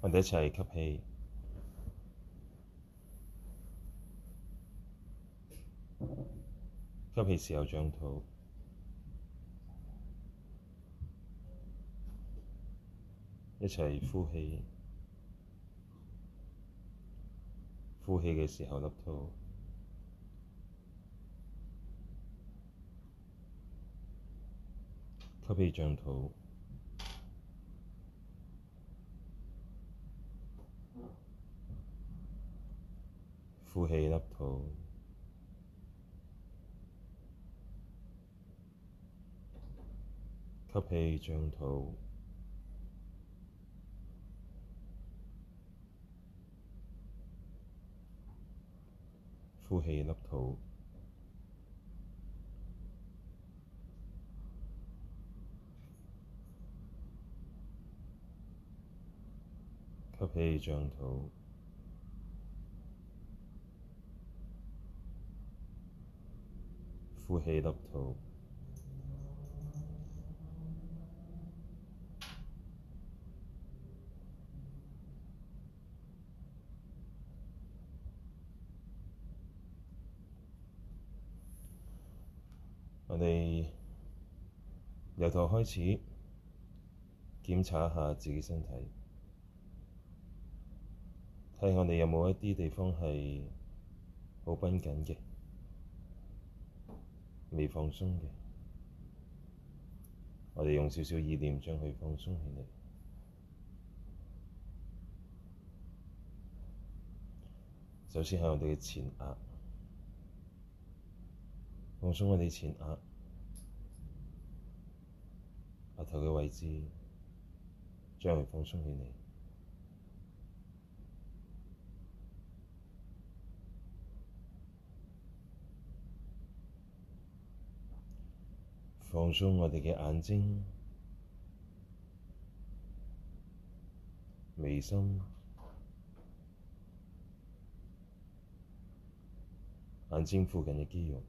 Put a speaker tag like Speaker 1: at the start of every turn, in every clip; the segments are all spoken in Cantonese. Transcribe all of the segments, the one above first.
Speaker 1: 我哋一齊吸氣，吸氣時候漲肚，一齊呼氣，呼氣嘅時候立肚，吸氣漲肚。呼氣凹肚，吸氣漲肚。呼氣凹肚，吸氣漲肚。呼氣吸肚，我哋由頭開始檢查一下自己身體，睇下我哋有冇一啲地方係好繃緊嘅。未放鬆嘅，我哋用少少意念將佢放鬆起嚟。首先係我哋嘅前額，放鬆我哋前額，額頭嘅位置，將佢放鬆起嚟。放鬆我哋嘅眼睛、眉心、眼睛附近嘅肌肉。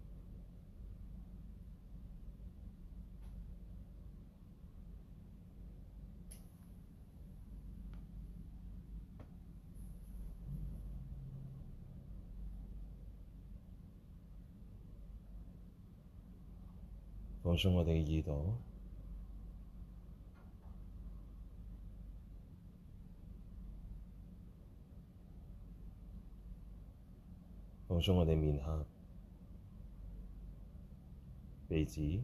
Speaker 1: 放鬆我哋耳朵，放鬆我哋面頰、鼻子、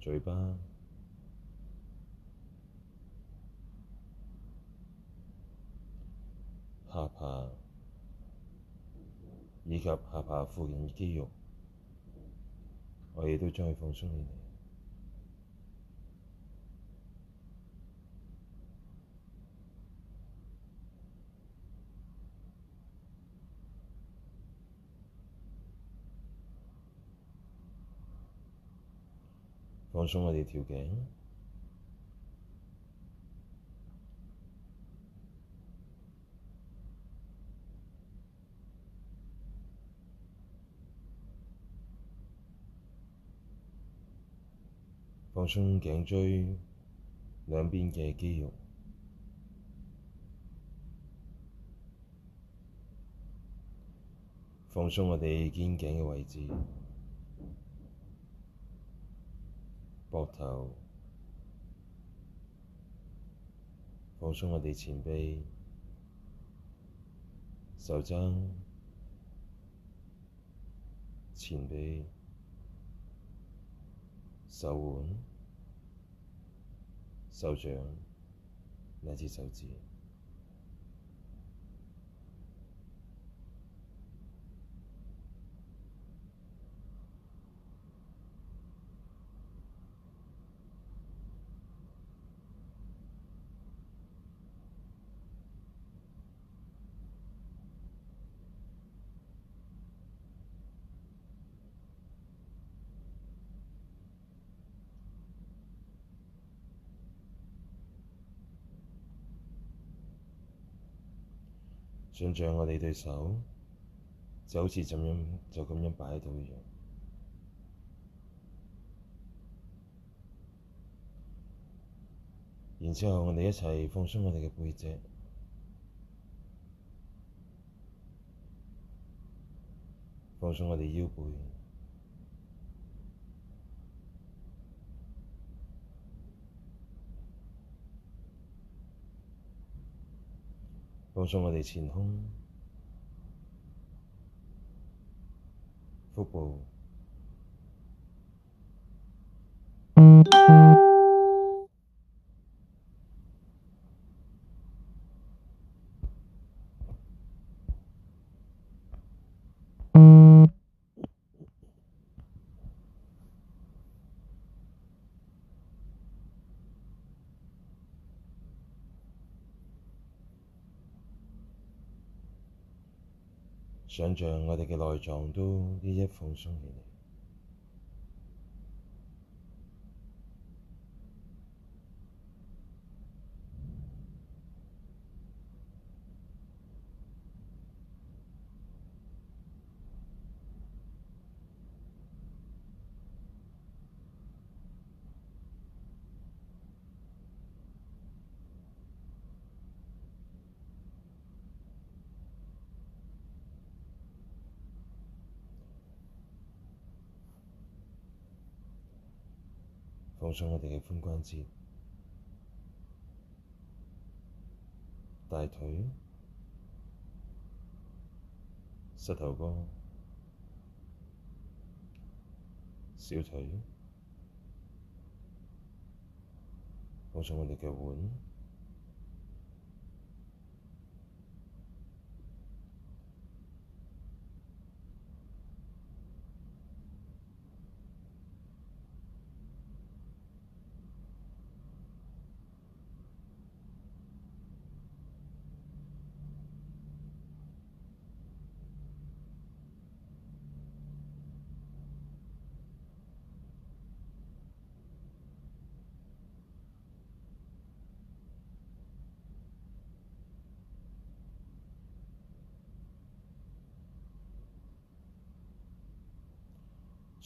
Speaker 1: 嘴巴、下巴。以及下巴附近肌肉，我哋都將會放鬆你。放鬆我哋條頸。放鬆頸椎兩邊嘅肌肉，放鬆我哋肩頸嘅位置，膊頭，放鬆我哋前臂、手踭、前臂、手腕。手掌，哪隻手指？想象我哋對手就好似咁樣就咁樣擺喺度一樣，然之後我哋一齊放鬆我哋嘅背脊，放鬆我哋腰背。放鬆我哋前胸、腹部。 想像我哋嘅內臟都一一放鬆起嚟。放鬆我哋嘅髖關節、大腿、膝頭哥、小腿，放鬆我哋嘅腕。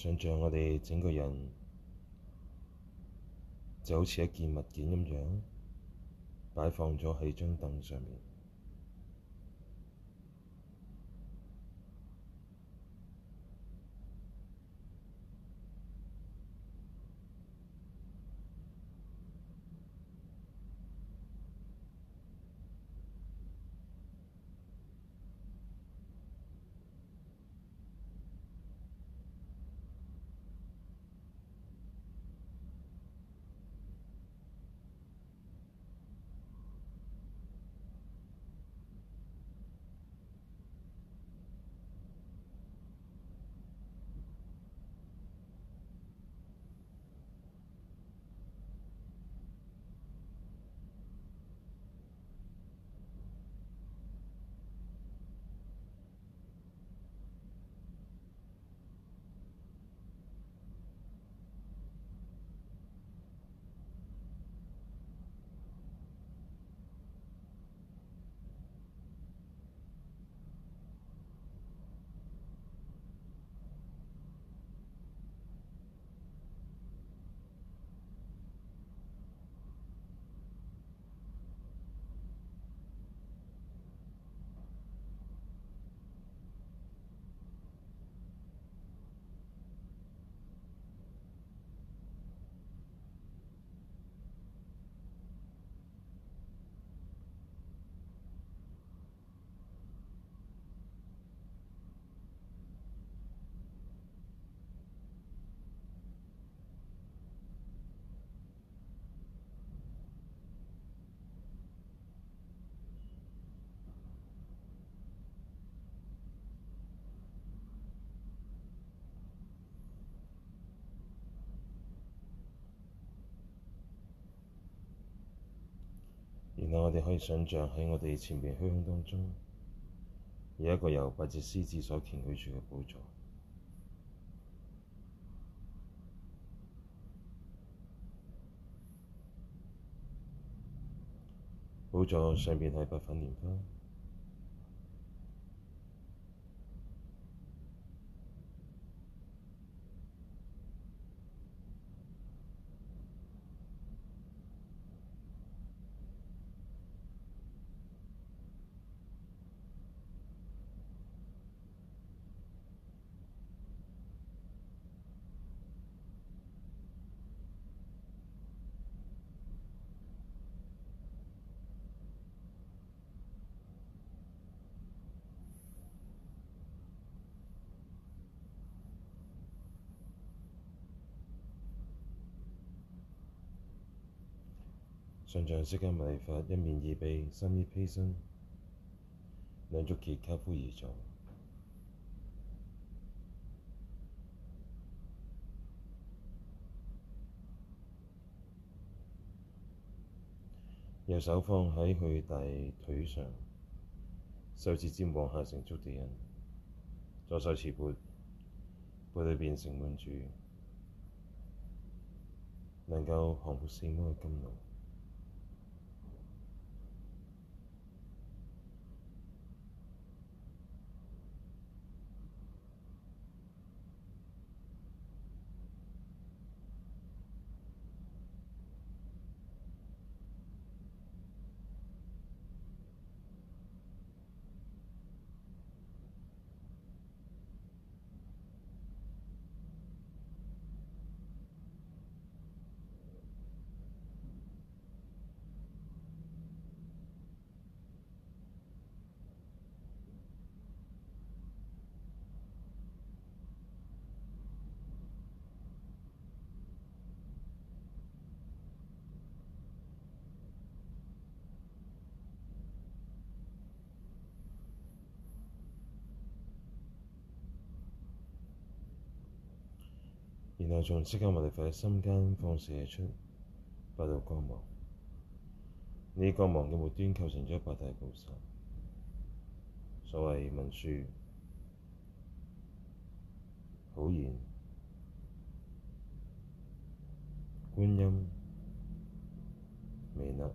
Speaker 1: 想象我哋整個人就好似一件物件咁樣，擺放咗喺張凳上面。我哋可以想像喺我哋前面虛空當中，有一個由八隻獅子所擎舉住嘅寶座，寶座上面係八瓣蓮花。尊像釋迦牟尼佛，一面二臂，身衣披身，兩足結跏趺而坐， 右手放喺佢大腿上，手指尖往下成觸地印，左手持缽，缽裏邊盛滿住能夠降伏死魔嘅甘露。然後從釋迦牟尼佛嘅心間放射出八道光芒，呢啲光芒嘅末端構成咗八大菩薩，所謂文殊、普賢、觀音、彌勒。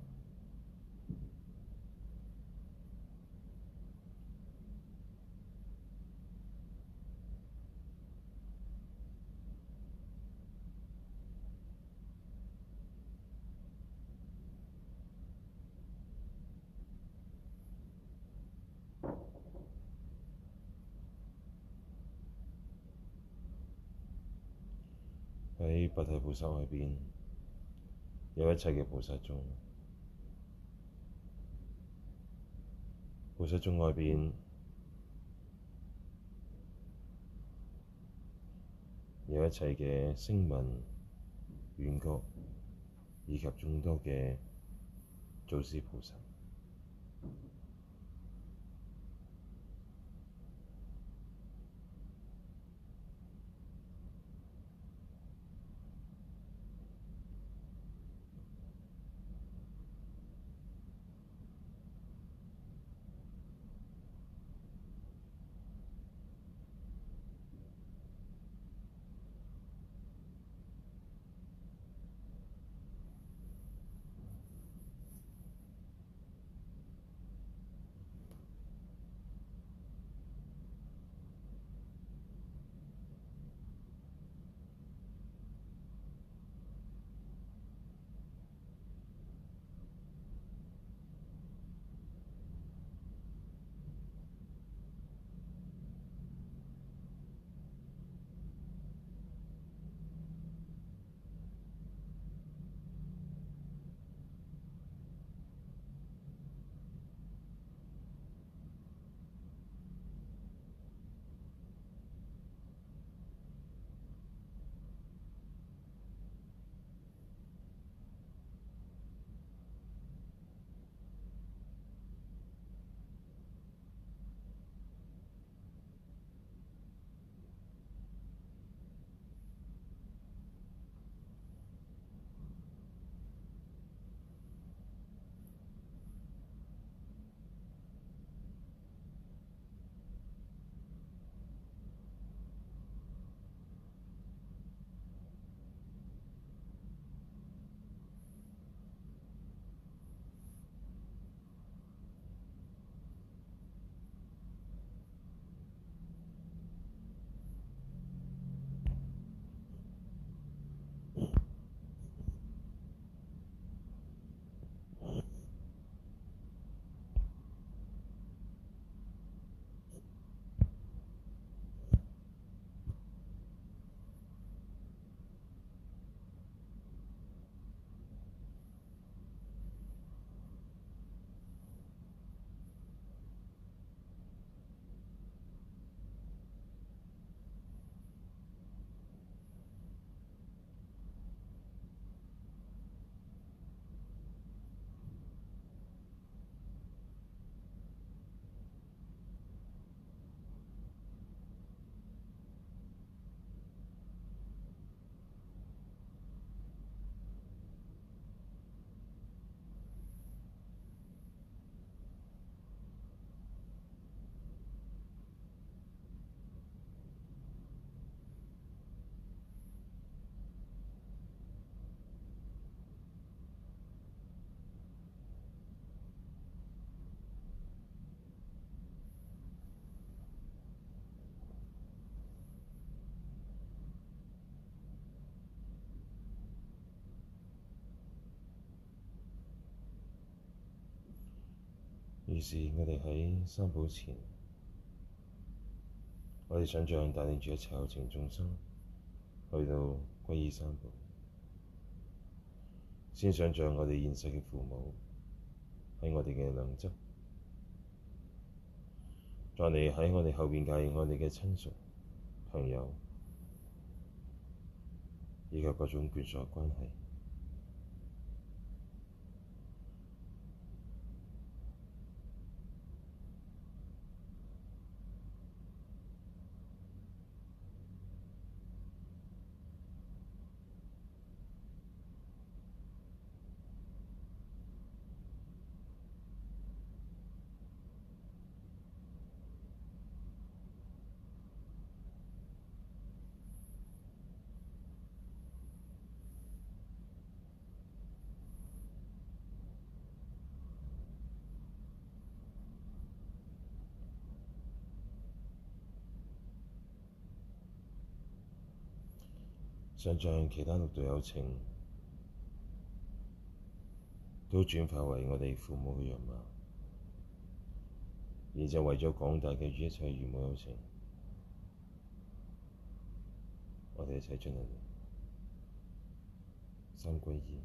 Speaker 1: 菩薩外邊有一切嘅菩薩宗，菩薩宗外邊有一切嘅聲聞、緣覺以及眾多嘅祖師菩薩。於是，我哋喺三寶前，我哋想像帶領住一切有情眾生去到歸依三寶，先想像我哋現實嘅父母喺我哋嘅兩側，再嚟喺我哋後面介係我哋嘅親屬、朋友，以及各種眷屬嘅關係。想像其他六對友情都轉化為我哋父母嘅樣貌，然後為咗廣大嘅一切如母有情，我哋一齊進行三皈依。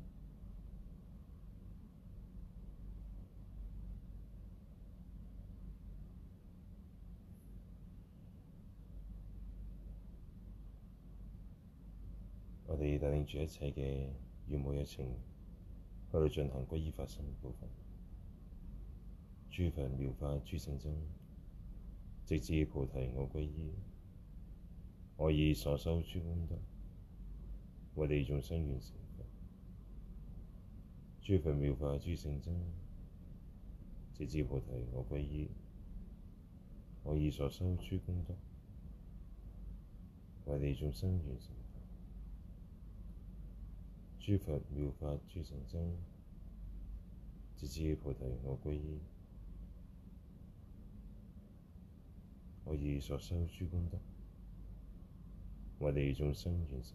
Speaker 1: 你帶領住一切嘅願母熱情去進行歸依法身部分，諸佛妙法諸聖僧，直至菩提我歸依，我以所修諸功德為地眾生願成佛。諸佛妙法諸聖僧，直至菩提我歸依，我以所修諸功德為地眾生願成。諸佛妙法諸神通，直至菩提我歸依。我以所修諸功德，為利眾生完成。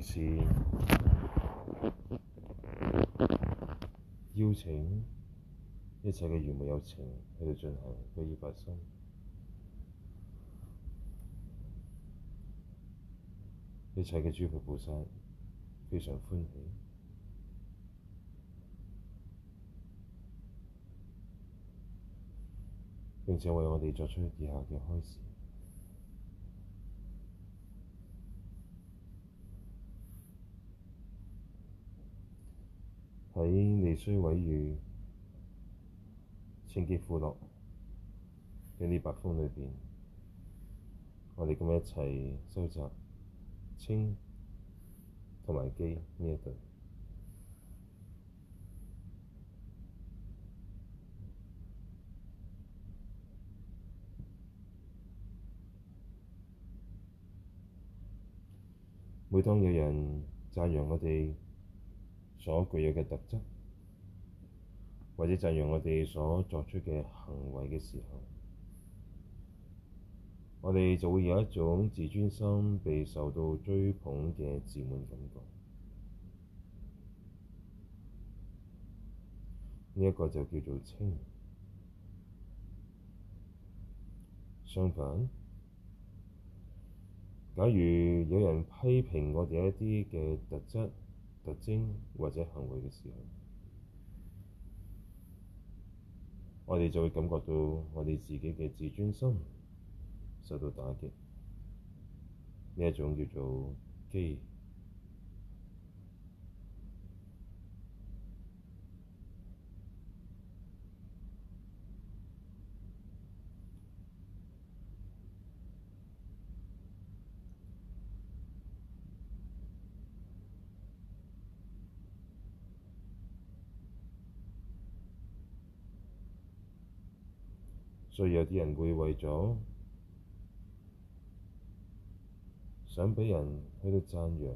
Speaker 1: 邀請一切嘅善美有情喺度進行嘅要發生。一切嘅諸佛菩薩，非常歡喜，並且為我哋作出以下嘅開示。喺利衰毀譽、稱譏苦樂嘅呢八風裏邊，我哋咁一齊收集稱同埋譏呢一對。每當有人讚揚我哋。所具有嘅特質，或者讚揚我哋所作出嘅行為嘅時候，我哋就會有一種自尊心被受到追捧嘅自滿感覺。呢、這、一個就叫做稱。相反，假如有人批評我哋一啲嘅特質。特徵或者行為嘅時候，我哋就會感覺到我哋自己嘅自尊心受到打擊，呢一種叫做譏。有啲人會為咗想畀人喺度讚揚，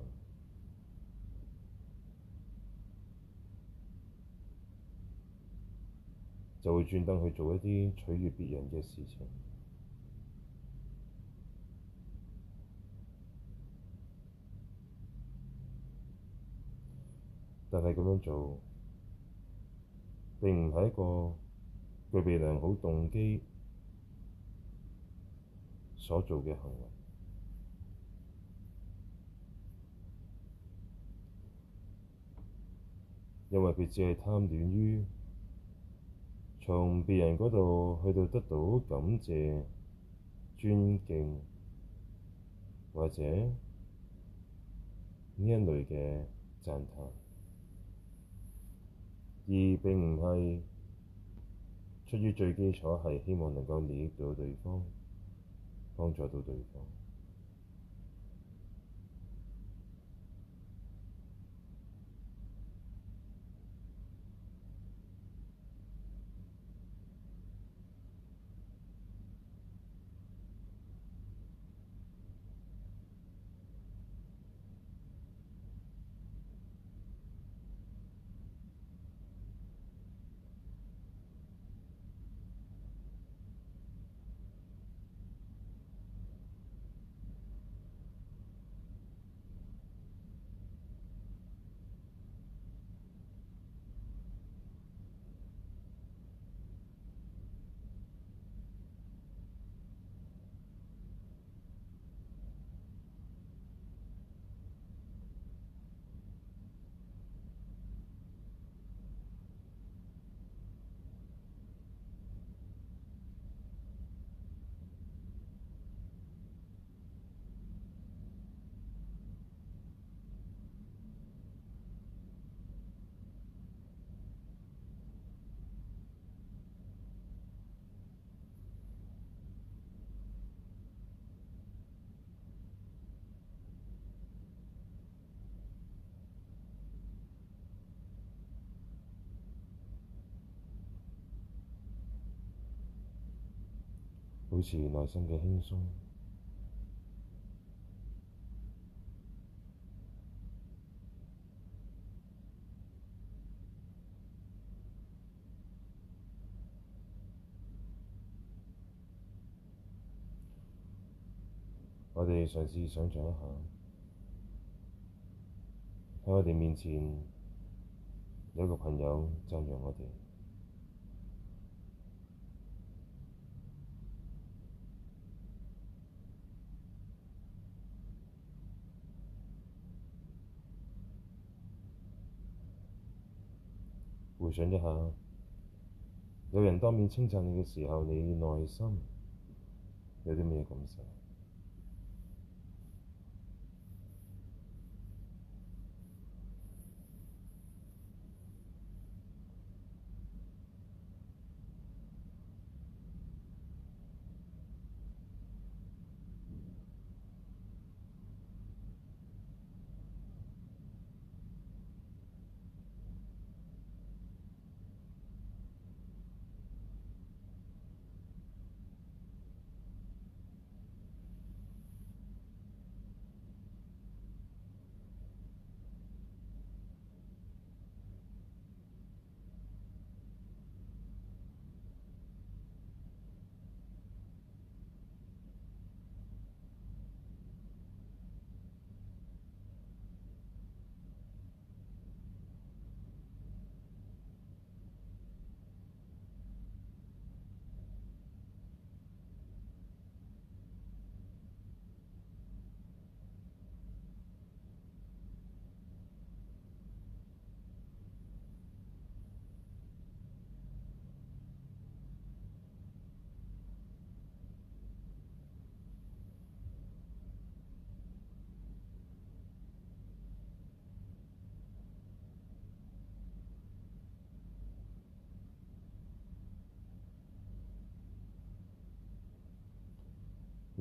Speaker 1: 就會專登去做一啲取悅別人嘅事情，但係咁樣做並唔係一個具備良好動機。所做嘅行為，因為佢只係貪戀於從別人嗰度去到得到感謝、尊敬或者呢一類嘅讚歎，而並唔係出於最基礎係希望能夠利益到對方。幫助到對方。保持內心嘅輕鬆。我哋嘗試想像一下，喺我哋面前有一個朋友讚揚我哋。回想一下，有人當面稱讚你嘅時候，你內心你有啲咩感受？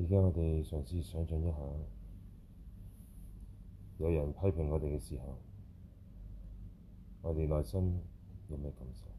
Speaker 1: 而家我哋嘗試想象一下，有人批評我哋嘅時候，我哋內心有咩感受？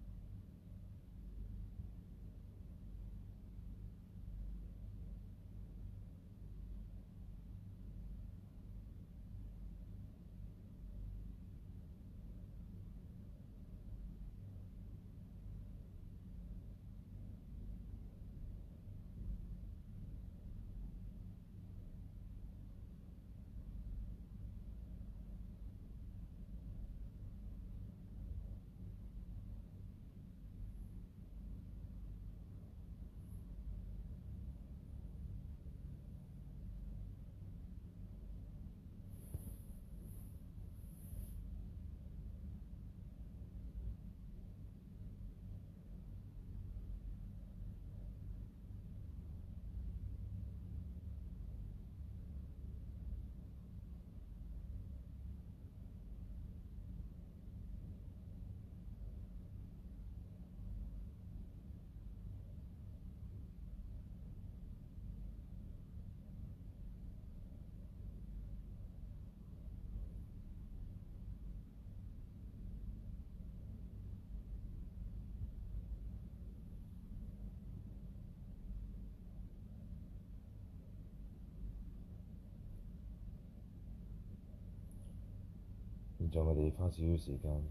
Speaker 1: 我哋花少少時間，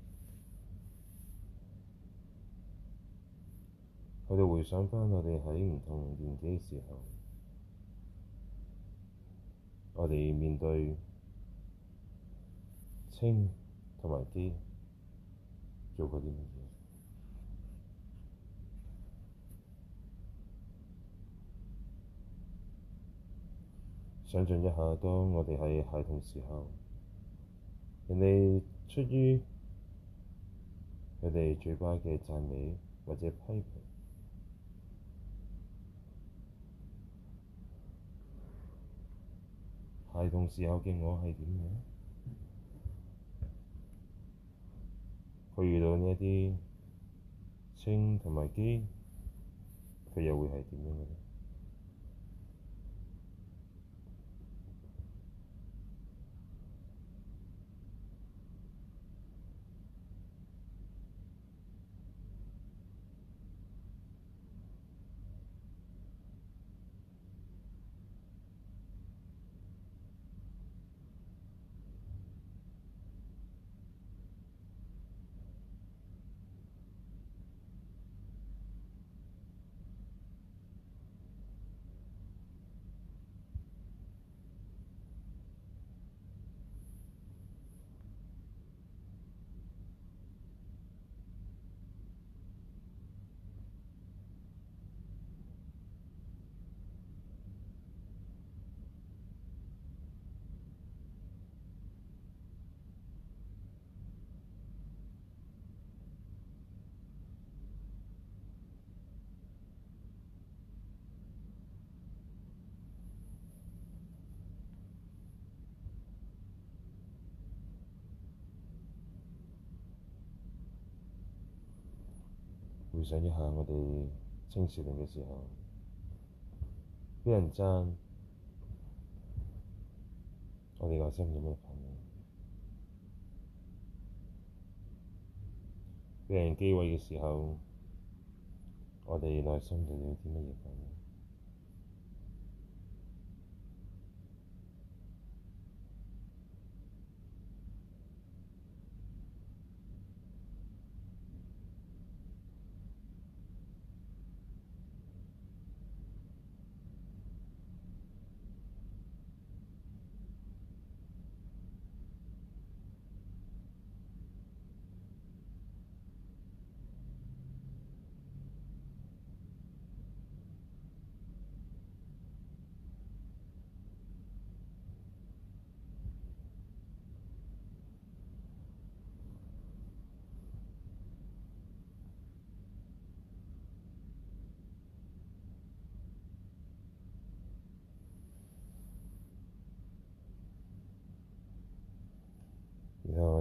Speaker 1: 我哋回想返我哋喺唔同年紀嘅時候，我哋面對稱同埋譏做過啲乜嘢。想像一下，當我哋喺孩童時候。人哋出於佢哋嘴巴嘅讚美或者批評，孩童時候嘅我係點樣？佢 遇到呢一啲稱同埋譏，佢又會係點樣嘅咧？回想一下，我哋青少年嘅時候，俾人稱，我哋內心有咩反應？俾人譏毀嘅時候，我哋內心點有啲乜嘢反應？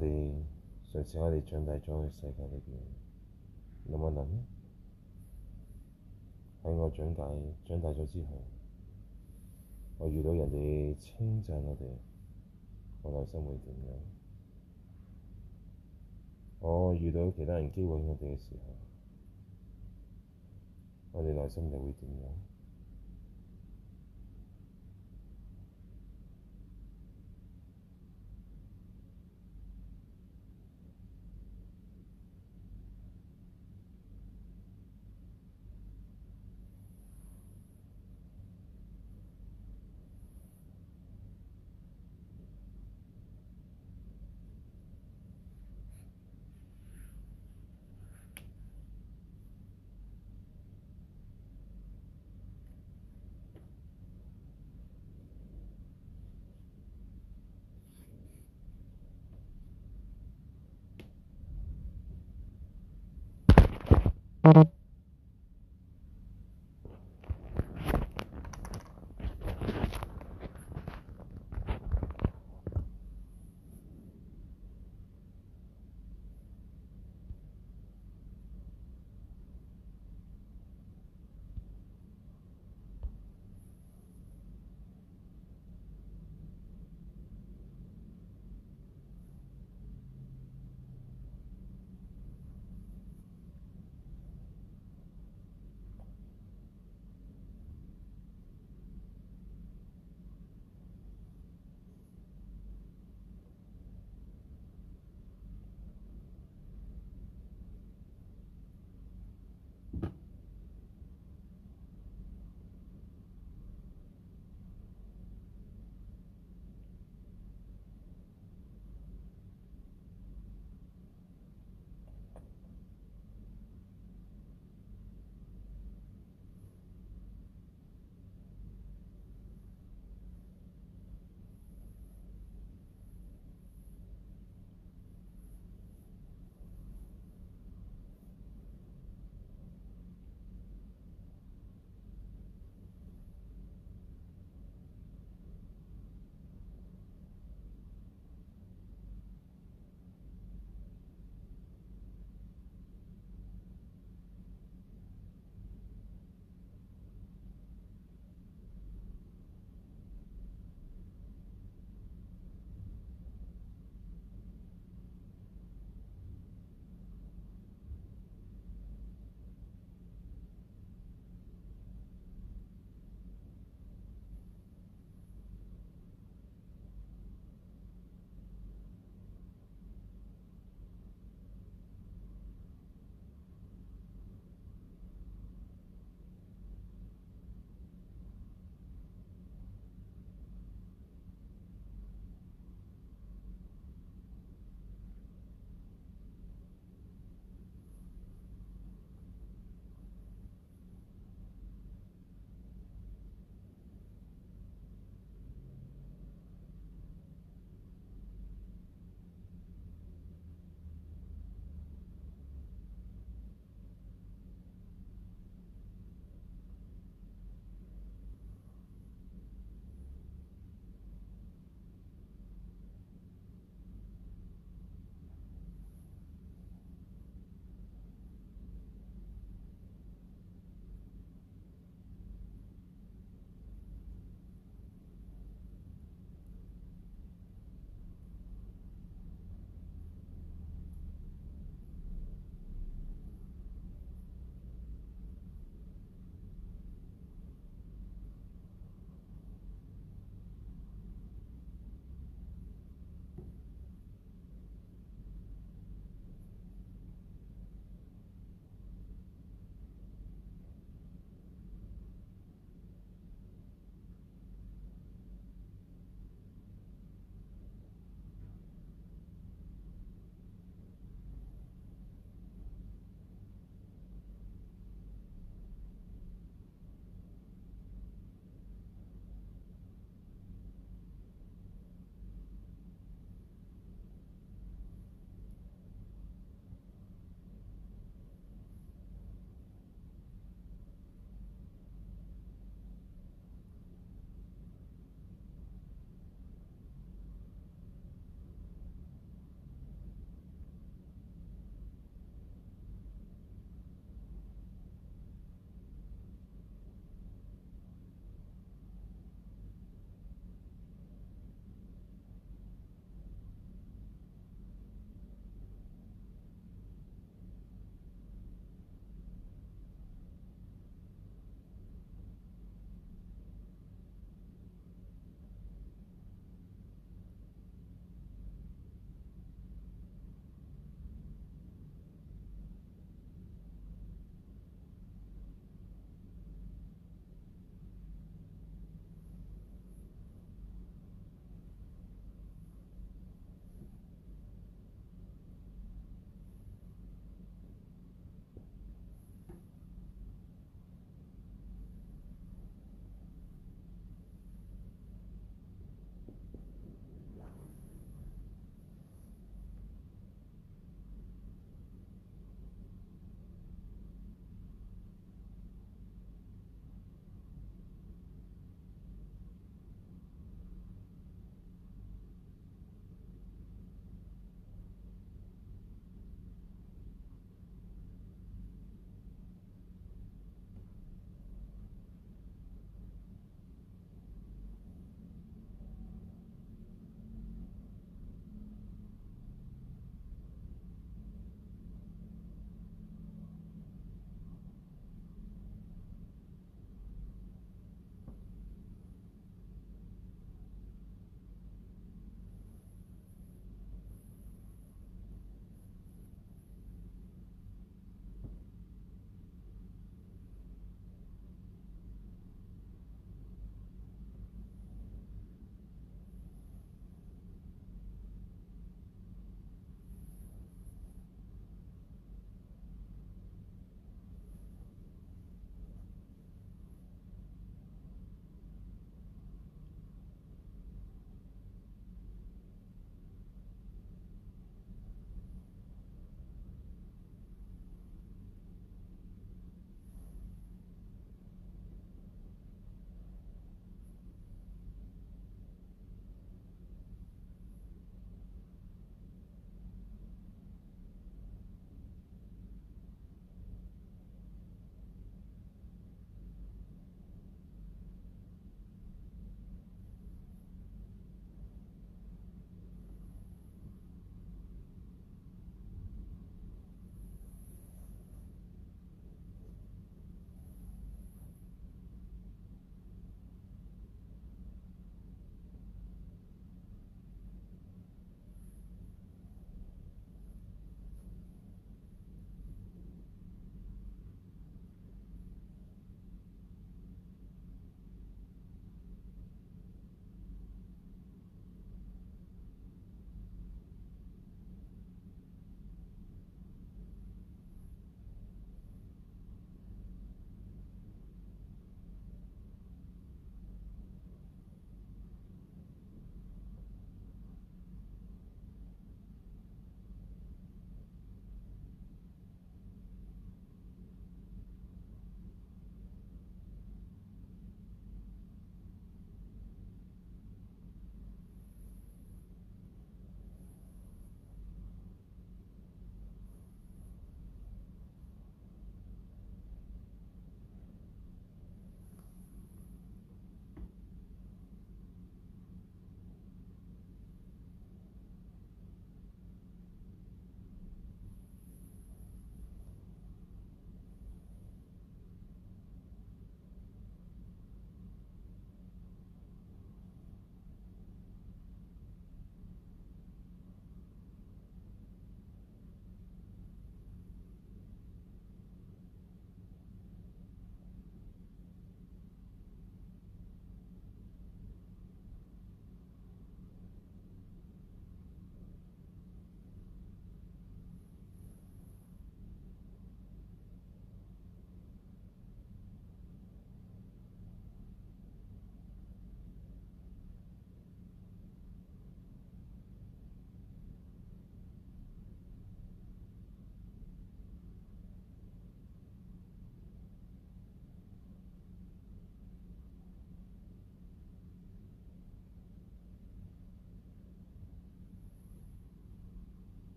Speaker 1: 我哋上次我哋長大咗嘅世界裏邊，諗一諗喺我長大長大咗之後，我遇到人哋稱讚我哋，我內心會點樣？我遇到其他人詆毀我哋嘅時候，我哋內心又會點樣？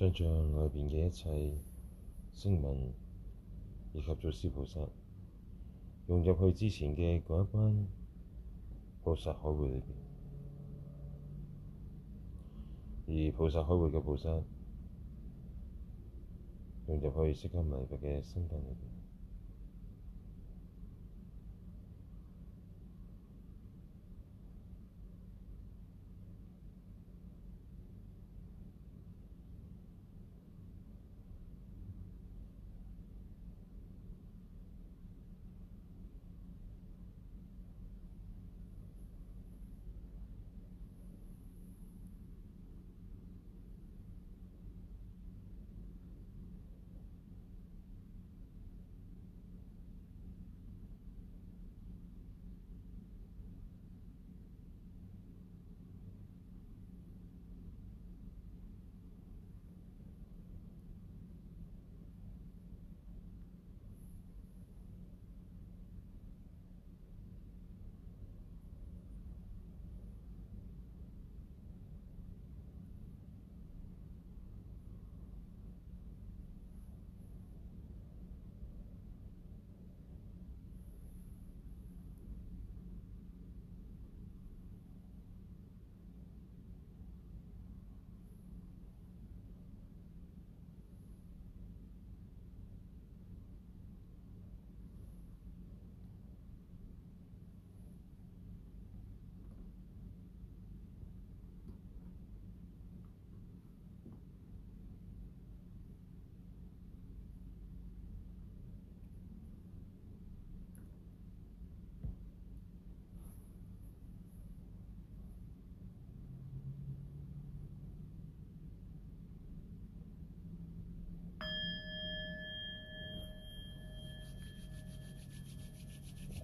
Speaker 1: 將將外面嘅一切聲聞以及祖師菩薩，用入去之前嘅嗰一班菩薩海會裏邊，而菩薩海會嘅菩薩，用入去釋迦牟尼佛嘅身份裏邊。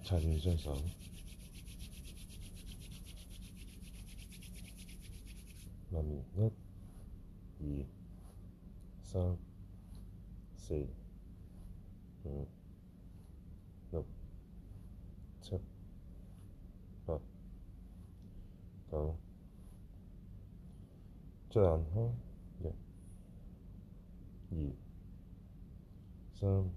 Speaker 1: 擦暖雙手，下面一、二、三、四、五、六、七、八、九、十、十一、十二、十三。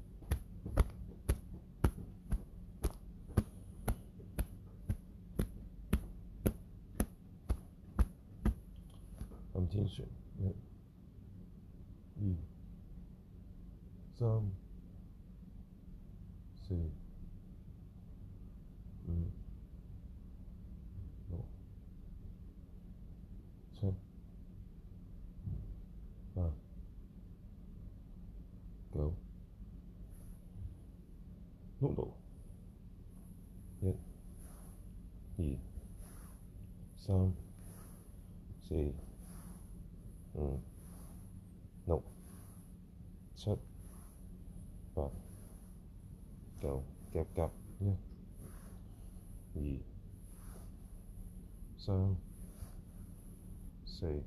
Speaker 1: 三、四、五、六、七、八、九，十、十一、二、三、四。